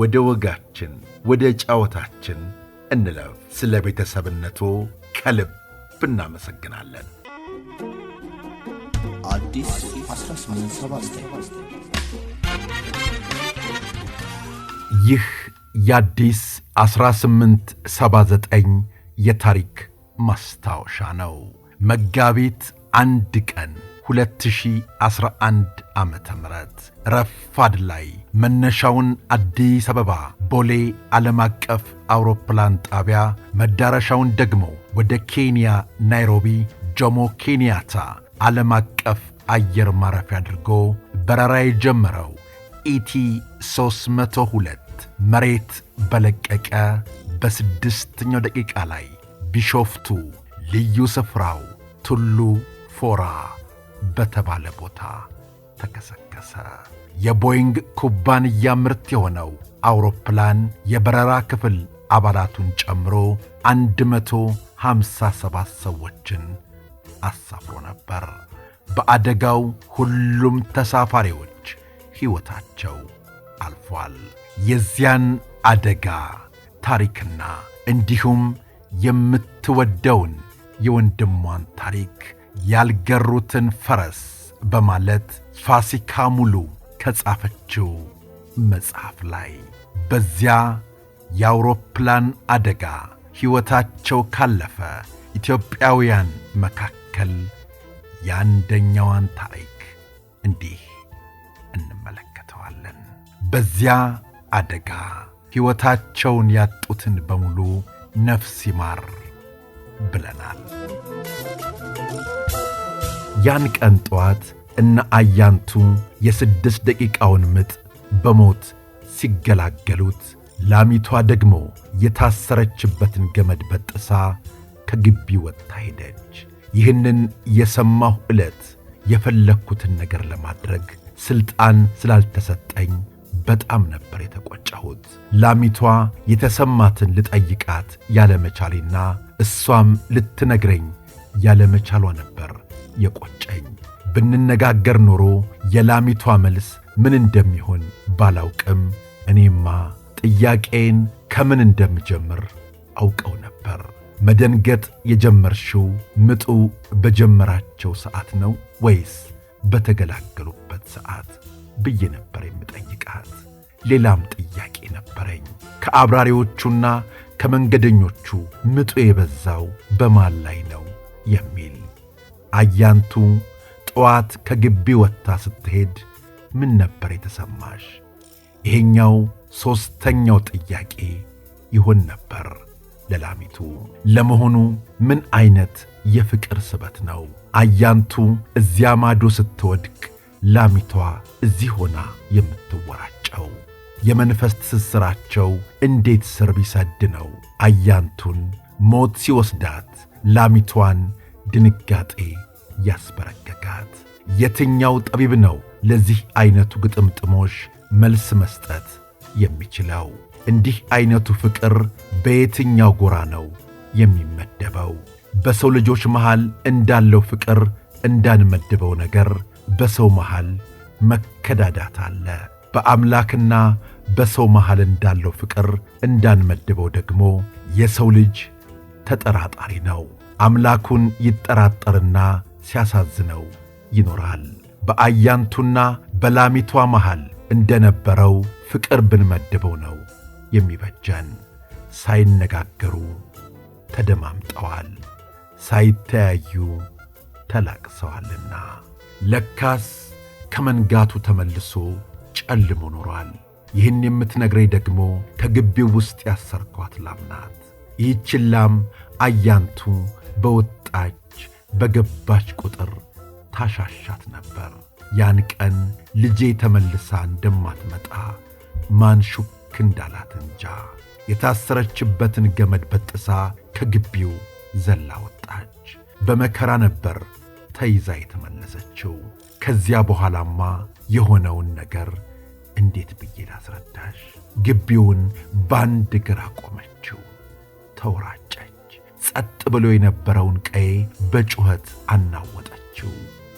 ወደ ወጋችን ወደ ጫወታችን እንለፍ። ስለ ቤተሰብነቱ ከልብ እናመሰግናለን። ይህ የአዲስ 1879 የታሪክ ማስታወሻ ነው። መጋቢት አንድ ቀን 2011 ዓ ም ረፋድ ላይ መነሻውን አዲስ አበባ ቦሌ ዓለም አቀፍ አውሮፕላን ጣቢያ መዳረሻውን ደግሞ ወደ ኬንያ ናይሮቢ ጆሞ ኬንያታ ዓለም አቀፍ አየር ማረፊያ አድርጎ በረራ የጀመረው ኢቲ 302 መሬት በለቀቀ በስድስተኛው ደቂቃ ላይ ቢሾፍቱ ልዩ ስፍራው ቱሉ ፎራ በተባለ ቦታ ተከሰከሰ። የቦይንግ ኩባንያ ምርት የሆነው አውሮፕላን የበረራ ክፍል አባላቱን ጨምሮ 157 ሰዎችን አሳፍሮ ነበር። በአደጋው ሁሉም ተሳፋሪዎች ሕይወታቸው አልፏል። የዚያን አደጋ ታሪክና እንዲሁም የምትወደውን የወንድሟን ታሪክ ያልገሩትን ፈረስ በማለት ፋሲካ ሙሉ ከጻፈችው መጽሐፍ ላይ በዚያ የአውሮፕላን አደጋ ሕይወታቸው ካለፈ ኢትዮጵያውያን መካከል የአንደኛዋን ታሪክ እንዲህ እንመለከተዋለን። በዚያ አደጋ ሕይወታቸውን ያጡትን በሙሉ ነፍስ ይማር ብለናል። ያን ቀን ጠዋት እነ አያንቱ የስድስት ደቂቃውን ምጥ በሞት ሲገላገሉት ላሚቷ ደግሞ የታሰረችበትን ገመድ በጥሳ ከግቢ ወጥታ ሄደች። ይህንን የሰማሁ ዕለት የፈለግኩትን ነገር ለማድረግ ሥልጣን ስላልተሰጠኝ በጣም ነበር የተቆጨሁት። ላሚቷ የተሰማትን ልጠይቃት ያለመቻሌና እሷም ልትነግረኝ ያለመቻሏ ነበር የቆጨኝ። ብንነጋገር ኖሮ የላሚቷ መልስ ምን እንደሚሆን ባላውቅም እኔማ ጥያቄን ከምን እንደምጀምር አውቀው ነበር። መደንገጥ የጀመርሽው ምጡ በጀመራቸው ሰዓት ነው ወይስ በተገላገሉበት ሰዓት ብዬ ነበር የምጠይቃት። ሌላም ጥያቄ ነበረኝ። ከአብራሪዎቹና ከመንገደኞቹ ምጡ የበዛው በማን ላይ ነው የሚል አያንቱ ጠዋት ከግቢ ወጥታ ስትሄድ ምን ነበር የተሰማሽ? ይሄኛው ሦስተኛው ጥያቄ ይሆን ነበር ለላሚቱ። ለመሆኑ ምን ዐይነት የፍቅር ስበት ነው? አያንቱ እዚያ ማዶ ስትወድቅ ላሚቷ እዚህ ሆና የምትወራጨው? የመንፈስ ትስስራቸው እንዴት ስር ቢሰድ ነው አያንቱን ሞት ሲወስዳት ላሚቷን ድንጋጤ ያስበረገጋት የትኛው ጠቢብ ነው ለዚህ ዐይነቱ ግጥምጥሞሽ መልስ መስጠት የሚችለው? እንዲህ ዐይነቱ ፍቅር በየትኛው ጎራ ነው የሚመደበው? በሰው ልጆች መሃል እንዳለው ፍቅር እንዳንመድበው ነገር በሰው መሃል መከዳዳት አለ። በአምላክና በሰው መሃል እንዳለው ፍቅር እንዳንመድበው ደግሞ የሰው ልጅ ተጠራጣሪ ነው። አምላኩን ይጠራጠርና ሲያሳዝነው ይኖራል። በአያንቱና በላሚቷ መሃል እንደነበረው ፍቅር ብንመድበው ነው የሚበጀን። ሳይነጋገሩ ተደማምጠዋል፣ ሳይተያዩ ተላቅሰዋልና። ለካስ ከመንጋቱ ተመልሶ ጨልሞ ኖሯል። ይህን የምትነግረኝ ደግሞ ከግቢው ውስጥ ያሰርኳት ላም ናት። ይህችን ላም አያንቱ በወጣች በገባች ቁጥር ታሻሻት ነበር። ያን ቀን ልጄ ተመልሳ እንደማትመጣ ማን ሹክ እንዳላት እንጃ። የታሰረችበትን ገመድ በጥሳ ከግቢው ዘላ ወጣች። በመከራ ነበር ተይዛ የተመለሰችው። ከዚያ በኋላማ የሆነውን ነገር እንዴት ብዬ ላስረዳሽ? ግቢውን በአንድ እግር አቆመችው ተውራች ጸጥ ብሎ የነበረውን ቀዬ በጩኸት አናወጠችው።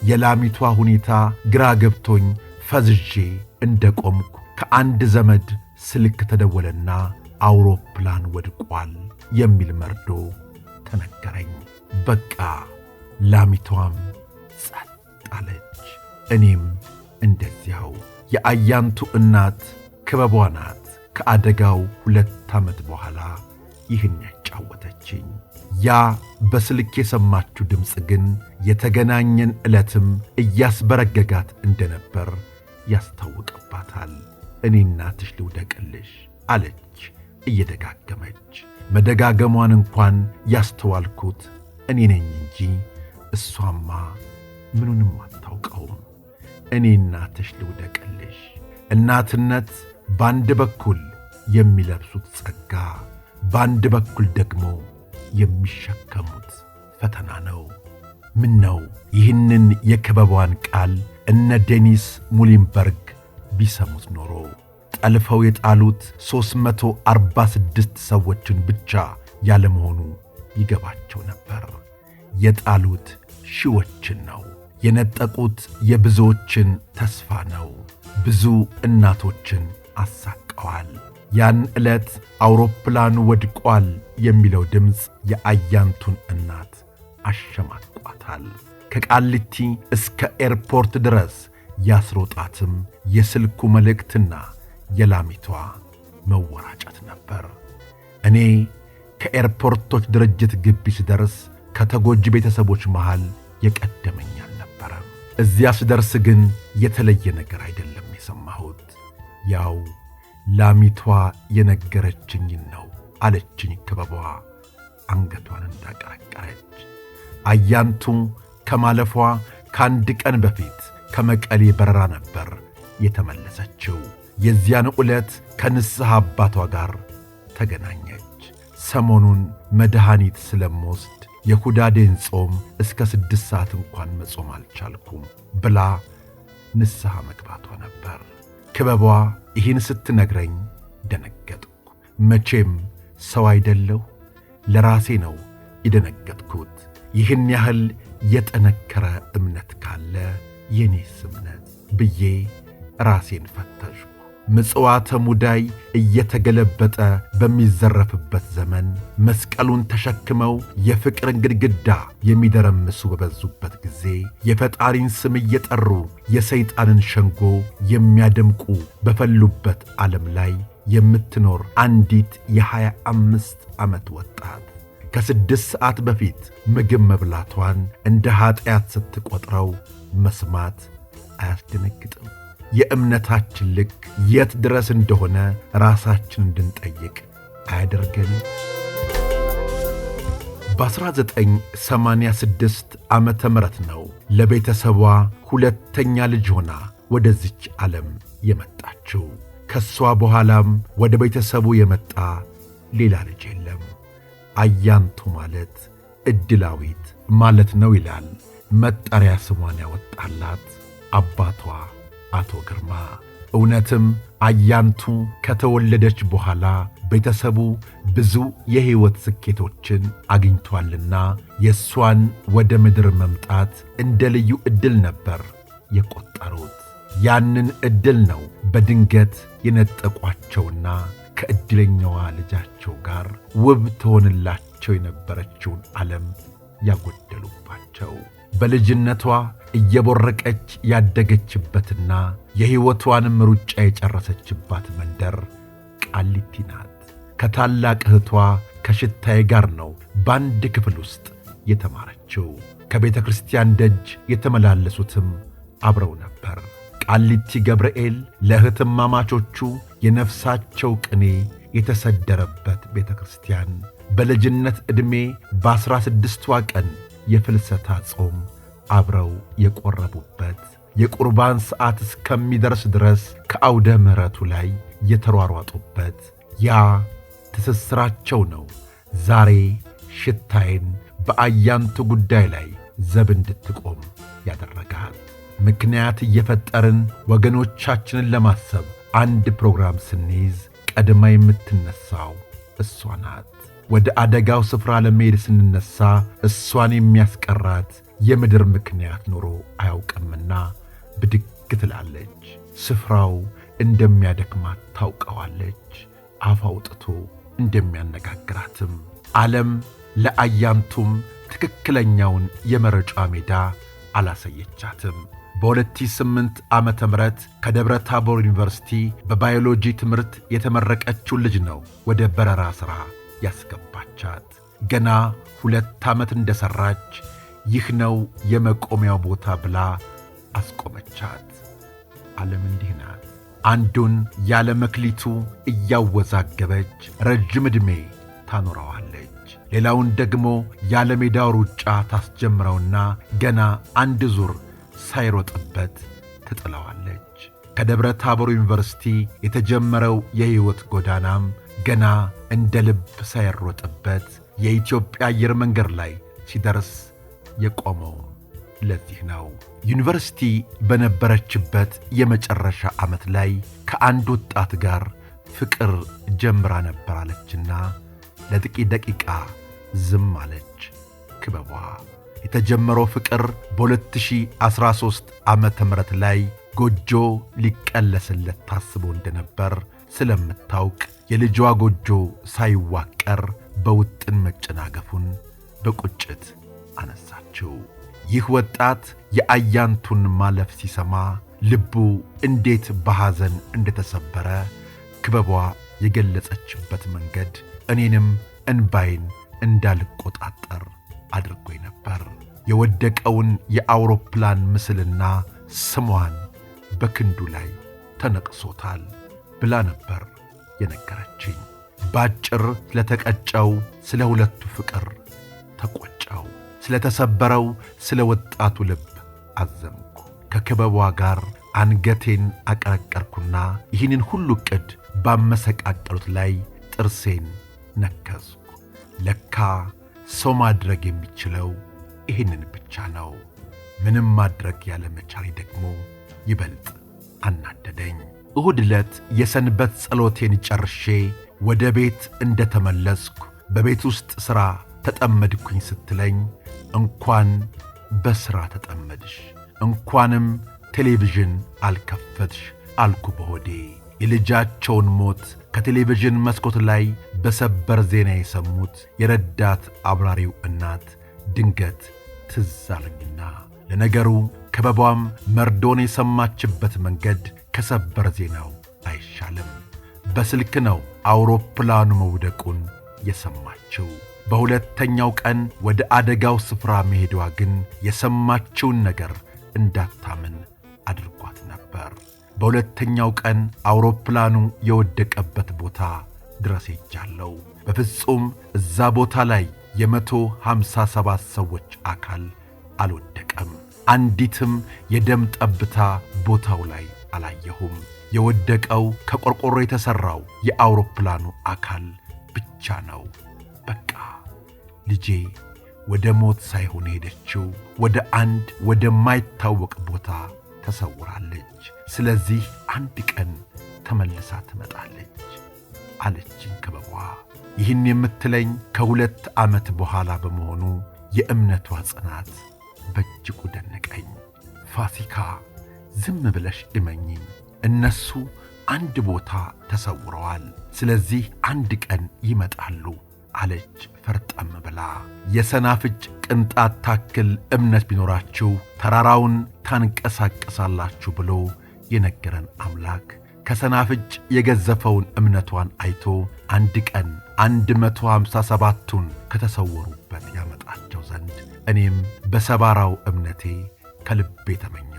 የላሚቷ ሁኔታ ግራ ገብቶኝ ፈዝዤ እንደ ቆምኩ ከአንድ ዘመድ ስልክ ተደወለና አውሮፕላን ወድቋል የሚል መርዶ ተነገረኝ። በቃ ላሚቷም ጸጥ አለች። እኔም እንደዚያው። የአያንቱ እናት ክበቧ ናት። ከአደጋው ሁለት ዓመት በኋላ ይህን ያጫወተችኝ ያ በስልክ የሰማችሁ ድምፅ ግን የተገናኘን ዕለትም እያስበረገጋት እንደነበር ያስታውቅባታል። እኔ እናትሽ ልውደቅልሽ አለች እየደጋገመች። መደጋገሟን እንኳን ያስተዋልኩት እኔ ነኝ እንጂ እሷማ ምኑንም አታውቀውም። እኔ እናትሽ ልውደቅልሽ። እናትነት በአንድ በኩል የሚለብሱት ጸጋ፣ በአንድ በኩል ደግሞ የሚሸከሙት ፈተና ነው። ምን ነው ይህንን የክበቧን ቃል እነ ዴኒስ ሙሊንበርግ ቢሰሙት ኖሮ ጠልፈው የጣሉት 346 ሰዎችን ብቻ ያለመሆኑ ይገባቸው ነበር። የጣሉት ሺዎችን ነው። የነጠቁት የብዙዎችን ተስፋ ነው። ብዙ እናቶችን አሳቀዋል። ያን ዕለት አውሮፕላኑ ወድቋል የሚለው ድምፅ የአያንቱን እናት አሸማቋታል። ከቃሊቲ እስከ ኤርፖርት ድረስ ያስሮጣትም የስልኩ መልእክትና የላሚቷ መወራጨት ነበር። እኔ ከኤርፖርቶች ድርጅት ግቢ ስደርስ ከተጎጂ ቤተሰቦች መሃል የቀደመኝ አልነበረም። እዚያ ስደርስ ግን የተለየ ነገር አይደለም የሰማሁት ያው ላሚቷ የነገረችኝን ነው አለችኝ። ክበቧ አንገቷን እንዳቀረቀረች አያንቱ ከማለፏ ከአንድ ቀን በፊት ከመቀሌ በረራ ነበር የተመለሰችው። የዚያን ዕለት ከንስሐ አባቷ ጋር ተገናኘች። ሰሞኑን መድኃኒት ስለምወስድ የሁዳዴን ጾም እስከ ስድስት ሰዓት እንኳን መጾም አልቻልኩም ብላ ንስሐ መግባቷ ነበር። ክበቧ ይህን ስትነግረኝ ደነገጥኩ። መቼም ሰው አይደለሁ፣ ለራሴ ነው የደነገጥኩት። ይህን ያህል የጠነከረ እምነት ካለ የኔስ እምነት ብዬ ራሴን ፈተሽኩ። ምጽዋተ ሙዳይ እየተገለበጠ በሚዘረፍበት ዘመን መስቀሉን ተሸክመው የፍቅርን ግድግዳ የሚደረምሱ በበዙበት ጊዜ የፈጣሪን ስም እየጠሩ የሰይጣንን ሸንጎ የሚያደምቁ በፈሉበት ዓለም ላይ የምትኖር አንዲት የሃያ አምስት ዓመት ወጣት ከስድስት ሰዓት በፊት ምግብ መብላቷን እንደ ኀጢአት ስትቈጥረው መስማት አያስደነግጥም። የእምነታችን ልክ የት ድረስ እንደሆነ ራሳችን እንድንጠይቅ አያደርገን? በ1986 ዓ ምህረት ነው ለቤተሰቧ ሁለተኛ ልጅ ሆና ወደዚች ዓለም የመጣችው። ከሷ በኋላም ወደ ቤተሰቡ የመጣ ሌላ ልጅ የለም። አያንቱ ማለት ዕድላዊት ማለት ነው ይላል መጠሪያ ስሟን ያወጣላት አባቷ አቶ ግርማ። እውነትም አያንቱ ከተወለደች በኋላ ቤተሰቡ ብዙ የሕይወት ስኬቶችን አግኝቷልና የእሷን ወደ ምድር መምጣት እንደ ልዩ ዕድል ነበር የቆጠሩት። ያንን ዕድል ነው በድንገት የነጠቋቸውና ከዕድለኛዋ ልጃቸው ጋር ውብ ትሆንላቸው የነበረችውን ዓለም ያጎደሉባቸው። በልጅነቷ እየቦረቀች ያደገችበትና የሕይወቷንም ሩጫ የጨረሰችባት መንደር ቃሊቲ ናት። ከታላቅ እህቷ ከሽታዬ ጋር ነው በአንድ ክፍል ውስጥ የተማረችው። ከቤተ ክርስቲያን ደጅ የተመላለሱትም አብረው ነበር። ቃሊቲ ገብርኤል ለእህትማማቾቹ የነፍሳቸው ቅኔ የተሰደረበት ቤተ ክርስቲያን በልጅነት ዕድሜ በዐሥራ ስድስቷ ቀን የፍልሰታ ጾም አብረው የቆረቡበት የቁርባን ሰዓት እስከሚደርስ ድረስ ከአውደ ምሕረቱ ላይ የተሯሯጡበት ያ ትስስራቸው ነው ዛሬ ሽታዬን በአያንቱ ጉዳይ ላይ ዘብ እንድትቆም ያደረግሃል። ምክንያት እየፈጠርን ወገኖቻችንን ለማሰብ አንድ ፕሮግራም ስንይዝ ቀድማ የምትነሣው እሷ ናት። ወደ አደጋው ስፍራ ለመሄድ ስንነሳ እሷን የሚያስቀራት የምድር ምክንያት ኖሮ አያውቅምና ብድግ ትላለች። ስፍራው እንደሚያደክማት ታውቀዋለች። አፍ አውጥቶ እንደሚያነጋግራትም ዓለም ለአያንቱም ትክክለኛውን የመረጫ ሜዳ አላሳየቻትም። በ2008 ዓመተ ምህረት ከደብረ ታቦር ዩኒቨርሲቲ በባዮሎጂ ትምህርት የተመረቀችው ልጅ ነው ወደ በረራ ሥራ ያስገባቻት። ገና ሁለት ዓመት ሠራች ይህ ነው የመቆሚያው ቦታ ብላ አስቆመቻት። ዓለም እንዲህ ናት። አንዱን ያለ መክሊቱ እያወዛገበች ረጅም ዕድሜ ታኖረዋለች። ሌላውን ደግሞ ያለ ሜዳው ሩጫ ታስጀምረውና ገና አንድ ዙር ሳይሮጥበት ትጥለዋለች። ከደብረ ታቦር ዩኒቨርሲቲ የተጀመረው የሕይወት ጎዳናም ገና እንደ ልብ ሳይሮጥበት የኢትዮጵያ አየር መንገድ ላይ ሲደርስ የቆመው ለዚህ ነው። ዩኒቨርሲቲ በነበረችበት የመጨረሻ ዓመት ላይ ከአንድ ወጣት ጋር ፍቅር ጀምራ ነበር አለችና ለጥቂት ደቂቃ ዝም አለች። ክበቧ የተጀመረው ፍቅር በ2013 ዓ ም ላይ ጎጆ ሊቀለስለት ታስቦ እንደነበር ስለምታውቅ የልጇ ጎጆ ሳይዋቀር በውጥን መጨናገፉን በቁጭት አነሳችው። ይህ ወጣት የአያንቱን ማለፍ ሲሰማ ልቡ እንዴት በሐዘን እንደተሰበረ ክበቧ የገለጸችበት መንገድ እኔንም እንባይን እንዳልቆጣጠር አድርጎኝ ነበር። የወደቀውን የአውሮፕላን ምስልና ስሟን በክንዱ ላይ ተነቅሶታል። ብላ ነበር የነገረችኝ። ባጭር ስለተቀጨው ስለ ሁለቱ ፍቅር ተቆጨው፣ ስለተሰበረው ስለ ወጣቱ ልብ አዘንኩ። ከክበቧ ጋር አንገቴን አቀረቀርኩና ይህንን ሁሉ ዕቅድ ባመሰቃቀሉት ላይ ጥርሴን ነከስኩ። ለካ ሰው ማድረግ የሚችለው ይህንን ብቻ ነው። ምንም ማድረግ ያለመቻሌ ደግሞ ይበልጥ አናደደኝ። እሁድ ዕለት የሰንበት ጸሎቴን ጨርሼ ወደ ቤት እንደ ተመለስኩ በቤት ውስጥ ሥራ ተጠመድኩኝ ስትለኝ እንኳን በሥራ ተጠመድሽ፣ እንኳንም ቴሌቪዥን አልከፈትሽ አልኩ በሆዴ። የልጃቸውን ሞት ከቴሌቪዥን መስኮት ላይ በሰበር ዜና የሰሙት የረዳት አብራሪው እናት ድንገት ትዝ አለኝና ለነገሩ ከበቧም መርዶን የሰማችበት መንገድ ከሰበር ዜናው አይሻልም። በስልክ ነው አውሮፕላኑ መውደቁን የሰማችው። በሁለተኛው ቀን ወደ አደጋው ስፍራ መሄዷ ግን የሰማችውን ነገር እንዳታምን አድርጓት ነበር። በሁለተኛው ቀን አውሮፕላኑ የወደቀበት ቦታ ድረስ ሄጃለሁ። በፍጹም እዛ ቦታ ላይ የመቶ ሃምሳ ሰባት ሰዎች አካል አልወደቀም። አንዲትም የደም ጠብታ ቦታው ላይ አላየሁም። የወደቀው ከቆርቆሮ የተሠራው የአውሮፕላኑ አካል ብቻ ነው። በቃ ልጄ ወደ ሞት ሳይሆን ሄደችው ወደ አንድ ወደማይታወቅ ቦታ ተሰውራለች። ስለዚህ አንድ ቀን ተመልሳ ትመጣለች አለችኝ ከበቧ። ይህን የምትለኝ ከሁለት ዓመት በኋላ በመሆኑ የእምነቷ ጽናት በእጅጉ ደነቀኝ። ፋሲካ ዝም ብለሽ እመኝኝ፣ እነሱ አንድ ቦታ ተሰውረዋል። ስለዚህ አንድ ቀን ይመጣሉ አለች ፈርጠም ብላ። የሰናፍጭ ቅንጣት ታክል እምነት ቢኖራችሁ ተራራውን ታንቀሳቀሳላችሁ ብሎ የነገረን አምላክ ከሰናፍጭ የገዘፈውን እምነቷን አይቶ አንድ ቀን አንድ መቶ ሃምሳ ሰባቱን ከተሰወሩበት ያመጣቸው ዘንድ እኔም በሰባራው እምነቴ ከልቤ ተመኘ።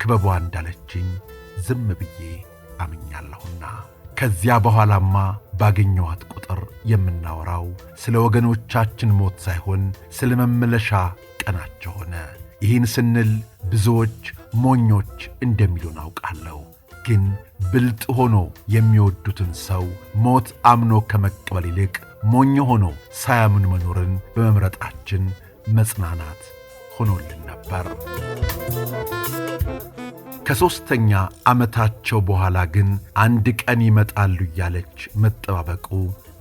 ክበቧ እንዳለችኝ ዝም ብዬ አምኛለሁና ከዚያ በኋላማ ባገኘኋት ቁጥር የምናወራው ስለ ወገኖቻችን ሞት ሳይሆን ስለ መመለሻ ቀናቸው ሆነ። ይህን ስንል ብዙዎች ሞኞች እንደሚሉን አውቃለሁ። ግን ብልጥ ሆኖ የሚወዱትን ሰው ሞት አምኖ ከመቀበል ይልቅ ሞኝ ሆኖ ሳያምን መኖርን በመምረጣችን መጽናናት ሆኖልን ነበር። ከሦስተኛ ዓመታቸው በኋላ ግን አንድ ቀን ይመጣሉ እያለች መጠባበቁ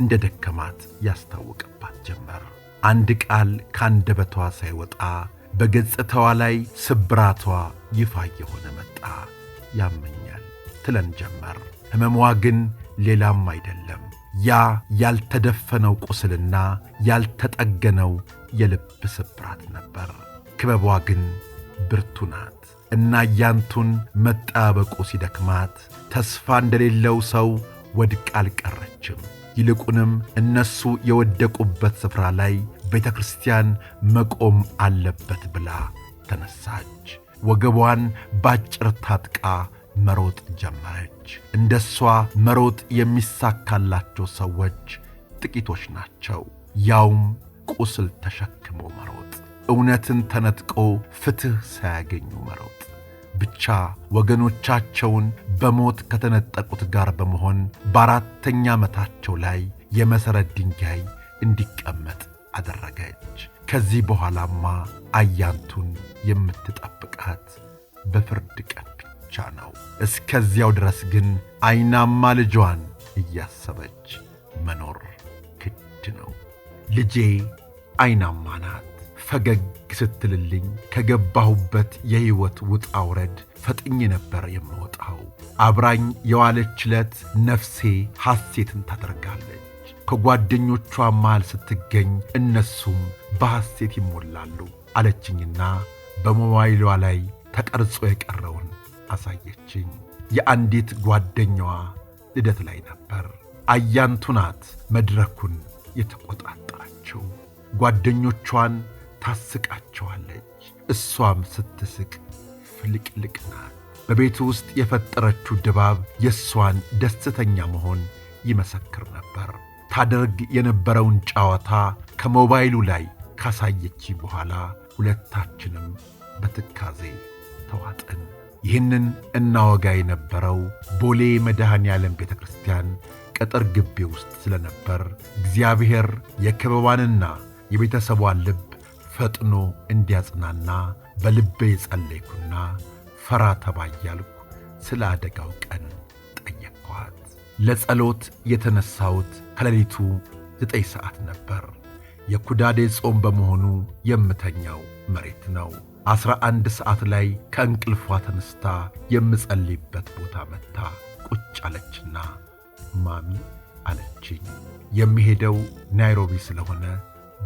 እንደ ደከማት ያስታውቅባት ጀመር። አንድ ቃል ካንደበቷ ሳይወጣ በገጽታዋ ላይ ስብራቷ ይፋ እየሆነ መጣ። ያመኛል ትለን ጀመር። ሕመሟ ግን ሌላም አይደለም፣ ያ ያልተደፈነው ቁስልና ያልተጠገነው የልብ ስብራት ነበር። ክበቧ ግን ብርቱ ናት እና እያንቱን መጠባበቁ ሲደክማት ተስፋ እንደሌለው ሰው ወድቃ አልቀረችም። ይልቁንም እነሱ የወደቁበት ስፍራ ላይ ቤተ ክርስቲያን መቆም አለበት ብላ ተነሳች። ወገቧን ባጭር ታጥቃ መሮጥ ጀመረች። እንደ እሷ መሮጥ የሚሳካላቸው ሰዎች ጥቂቶች ናቸው፣ ያውም ቁስል ተሸክሞ መሮጥ። እውነትን ተነጥቆ ፍትሕ ሳያገኙ መሮጥ ብቻ ወገኖቻቸውን በሞት ከተነጠቁት ጋር በመሆን በአራተኛ ዓመታቸው ላይ የመሠረት ድንጋይ እንዲቀመጥ አደረገች። ከዚህ በኋላማ አያንቱን የምትጠብቃት በፍርድ ቀን ብቻ ነው። እስከዚያው ድረስ ግን ዐይናማ ልጇን እያሰበች መኖር ግድ ነው። ልጄ ዐይናማ ናት። ፈገግ ስትልልኝ ከገባሁበት የሕይወት ውጣ ውረድ ፈጥኝ ነበር የምወጣው። አብራኝ የዋለች ዕለት ነፍሴ ሐሴትን ታደርጋለች። ከጓደኞቿ መሃል ስትገኝ እነሱም በሐሴት ይሞላሉ አለችኝና በሞባይሏ ላይ ተቀርጾ የቀረውን አሳየችኝ። የአንዲት ጓደኛዋ ልደት ላይ ነበር። አያንቱ ናት መድረኩን የተቆጣጠረችው ጓደኞቿን ታስቃቸዋለች። እሷም ስትስቅ ፍልቅልቅ ናት። በቤቱ ውስጥ የፈጠረችው ድባብ የእሷን ደስተኛ መሆን ይመሰክር ነበር። ታደርግ የነበረውን ጨዋታ ከሞባይሉ ላይ ካሳየች በኋላ ሁለታችንም በትካዜ ተዋጥን። ይህንን እናወጋ የነበረው ቦሌ መድኃኔ ዓለም ቤተ ክርስቲያን ቅጥር ግቢ ውስጥ ስለነበር እግዚአብሔር የክበቧንና የቤተሰቧን ልብ ፈጥኖ እንዲያጽናና በልቤ የጸለይኩና ፈራ ተባያልኩ ስለ አደጋው ቀን ጠየቅኳት። ለጸሎት የተነሳሁት ከሌሊቱ ዘጠኝ ሰዓት ነበር። የኩዳዴ ጾም በመሆኑ የምተኛው መሬት ነው። ዐሥራ አንድ ሰዓት ላይ ከእንቅልፏ ተነስታ የምጸልይበት ቦታ መታ ቁጭ አለችና ማሚ አለችኝ፣ የሚሄደው ናይሮቢ ስለሆነ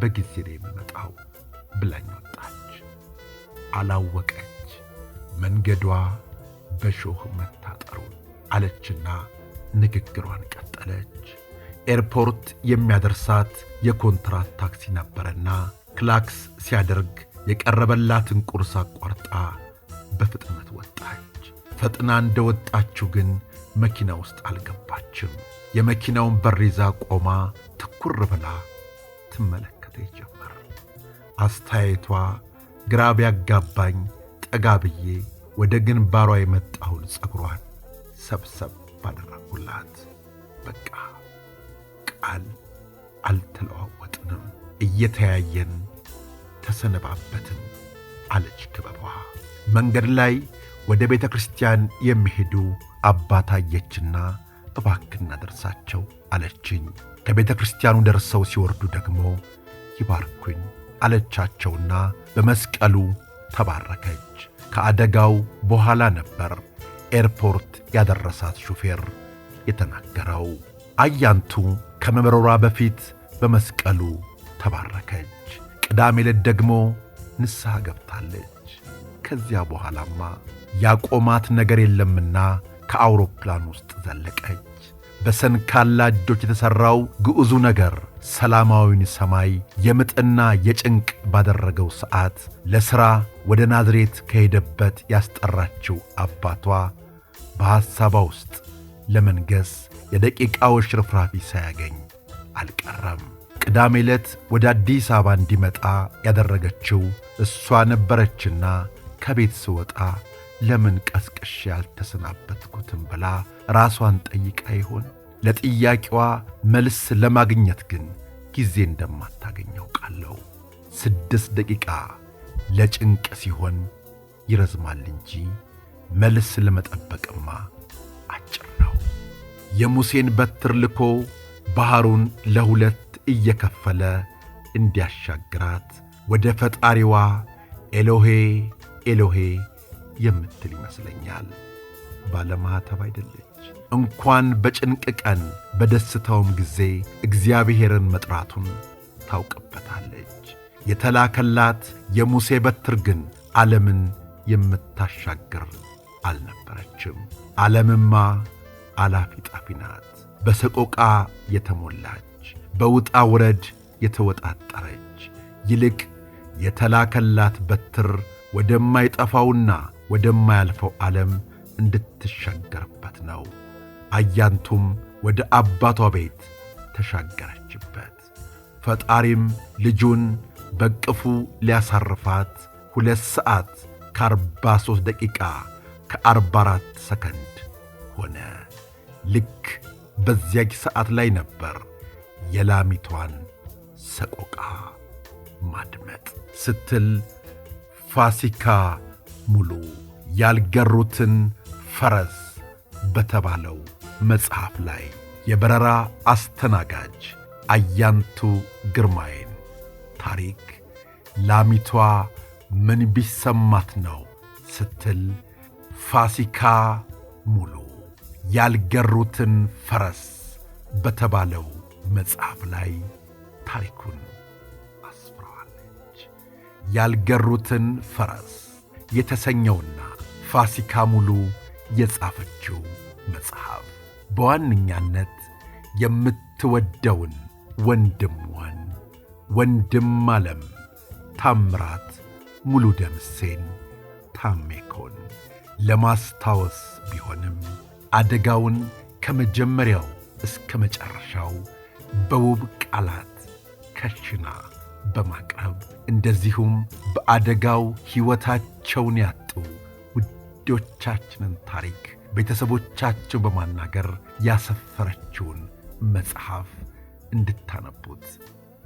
በጊዜ ላይ የምመጣው ብላኝ ወጣች። አላወቀች መንገዷ በሾህ መታጠሩ አለችና ንግግሯን ቀጠለች። ኤርፖርት የሚያደርሳት የኮንትራት ታክሲ ነበረና ክላክስ ሲያደርግ የቀረበላትን ቁርስ አቋርጣ በፍጥነት ወጣች። ፈጥና ወጣችው ግን መኪና ውስጥ አልገባችም። የመኪናውን በር ይዛ ቆማ ትኩር ብላ ትመለከተ አስተያየቷ ግራ ቢያጋባኝ ጠጋ ብዬ ወደ ግንባሯ የመጣውን ጸጉሯን ሰብሰብ ባደረጉላት። በቃ ቃል አልተለዋወጥንም፣ እየተያየን ተሰነባበትን አለች ክበቧ። መንገድ ላይ ወደ ቤተ ክርስቲያን የሚሄዱ አባት አየችና እባክና ደርሳቸው አለችኝ። ከቤተ ክርስቲያኑ ደርሰው ሲወርዱ ደግሞ ይባርኩኝ አለቻቸውና በመስቀሉ ተባረከች። ከአደጋው በኋላ ነበር ኤርፖርት ያደረሳት ሹፌር የተናገረው። አያንቱ ከመብረሯ በፊት በመስቀሉ ተባረከች። ቅዳሜ ዕለት ደግሞ ንስሐ ገብታለች። ከዚያ በኋላማ ያቆማት ነገር የለምና ከአውሮፕላን ውስጥ ዘለቀች። በሰንካላ እጆች የተሠራው ግዑዙ ነገር ሰላማዊውን ሰማይ የምጥና የጭንቅ ባደረገው ሰዓት ለሥራ ወደ ናዝሬት ከሄደበት ያስጠራችው አባቷ በሐሳቧ ውስጥ ለመንገሥ የደቂቃዎች ርፍራፊ ሳያገኝ አልቀረም። ቅዳሜ ዕለት ወደ አዲስ አበባ እንዲመጣ ያደረገችው እሷ ነበረችና ከቤት ስወጣ ለምን ቀስቅሼ አልተሰናበትኩትም ብላ ራሷን ጠይቃ ይሆን? ለጥያቄዋ መልስ ለማግኘት ግን ጊዜ እንደማታገኝ አውቃለሁ። ስድስት ደቂቃ ለጭንቅ ሲሆን ይረዝማል እንጂ መልስ ለመጠበቅማ አጭር ነው። የሙሴን በትር ልኮ ባሕሩን ለሁለት እየከፈለ እንዲያሻግራት ወደ ፈጣሪዋ ኤሎሄ ኤሎሄ የምትል ይመስለኛል። ባለማኅተብ አይደለች። እንኳን በጭንቅ ቀን በደስታውም ጊዜ እግዚአብሔርን መጥራቱን ታውቅበታለች። የተላከላት የሙሴ በትር ግን ዓለምን የምታሻግር አልነበረችም። ዓለምማ አላፊ ጣፊ ናት። በሰቆቃ የተሞላች በውጣ ውረድ የተወጣጠረች ይልቅ የተላከላት በትር ወደማይጠፋውና ወደማያልፈው ዓለም እንድትሻገርበት ነው። አያንቱም ወደ አባቷ ቤት ተሻገረችበት። ፈጣሪም ልጁን በቅፉ ሊያሳርፋት ሁለት ሰዓት ከአርባ ሦስት ደቂቃ ከአርባ አራት ሰከንድ ሆነ። ልክ በዚያች ሰዓት ላይ ነበር የላሚቷን ሰቆቃ ማድመጥ ስትል ፋሲካ ሙሉ ያልገሩትን ፈረስ በተባለው መጽሐፍ ላይ የበረራ አስተናጋጅ አያንቱ ግርማዬን ታሪክ ላሚቷ ምን ቢሰማት ነው ስትል ፋሲካ ሙሉ ያልገሩትን ፈረስ በተባለው መጽሐፍ ላይ ታሪኩን አስፍረዋለች። ያልገሩትን ፈረስ የተሰኘውና ፋሲካ ሙሉ የጻፈችው መጽሐፍ በዋነኛነት የምትወደውን ወንድሟን ወንድም ዓለም ታምራት ሙሉ ደምሴን ታሜኮን ለማስታወስ ቢሆንም አደጋውን ከመጀመሪያው እስከ መጨረሻው በውብ ቃላት ከሽና በማቅረብ እንደዚሁም በአደጋው ሕይወታቸውን ያጡ ውዶቻችንን ታሪክ ቤተሰቦቻቸው በማናገር ያሰፈረችውን መጽሐፍ እንድታነቡት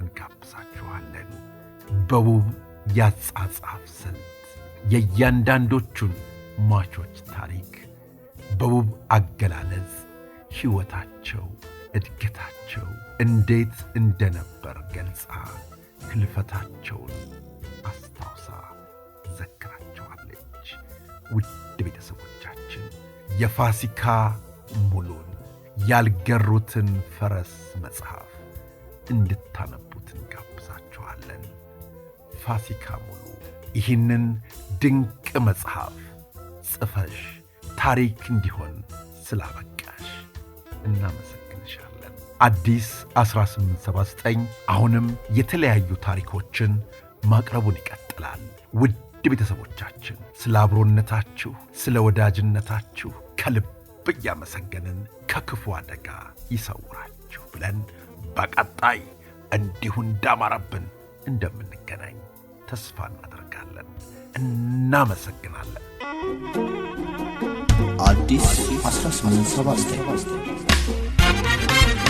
እንጋብዛችኋለን። በውብ ያጻጻፍ ስልት የእያንዳንዶቹን ሟቾች ታሪክ በውብ አገላለጽ ሕይወታቸው፣ እድገታቸው እንዴት እንደነበር ገልጻ ክልፈታቸውን አስታውሳ ዘክራቸዋለች። ውድ ቤተሰቦች የፋሲካ ሙሉን ያልገሩትን ፈረስ መጽሐፍ እንድታነቡት እንጋብዛችኋለን። ፋሲካ ሙሉ ይህንን ድንቅ መጽሐፍ ጽፈሽ ታሪክ እንዲሆን ስላበቃሽ እናመሰግንሻለን። አዲስ 1879 አሁንም የተለያዩ ታሪኮችን ማቅረቡን ይቀጥላል። ውድ ቤተሰቦቻችን ስለ አብሮነታችሁ፣ ስለ ወዳጅነታችሁ ከልብ እያመሰገንን ከክፉ አደጋ ይሰውራችሁ ብለን በቀጣይ እንዲሁ እንዳማረብን እንደምንገናኝ ተስፋ እናደርጋለን። እናመሰግናለን። አዲስ 1879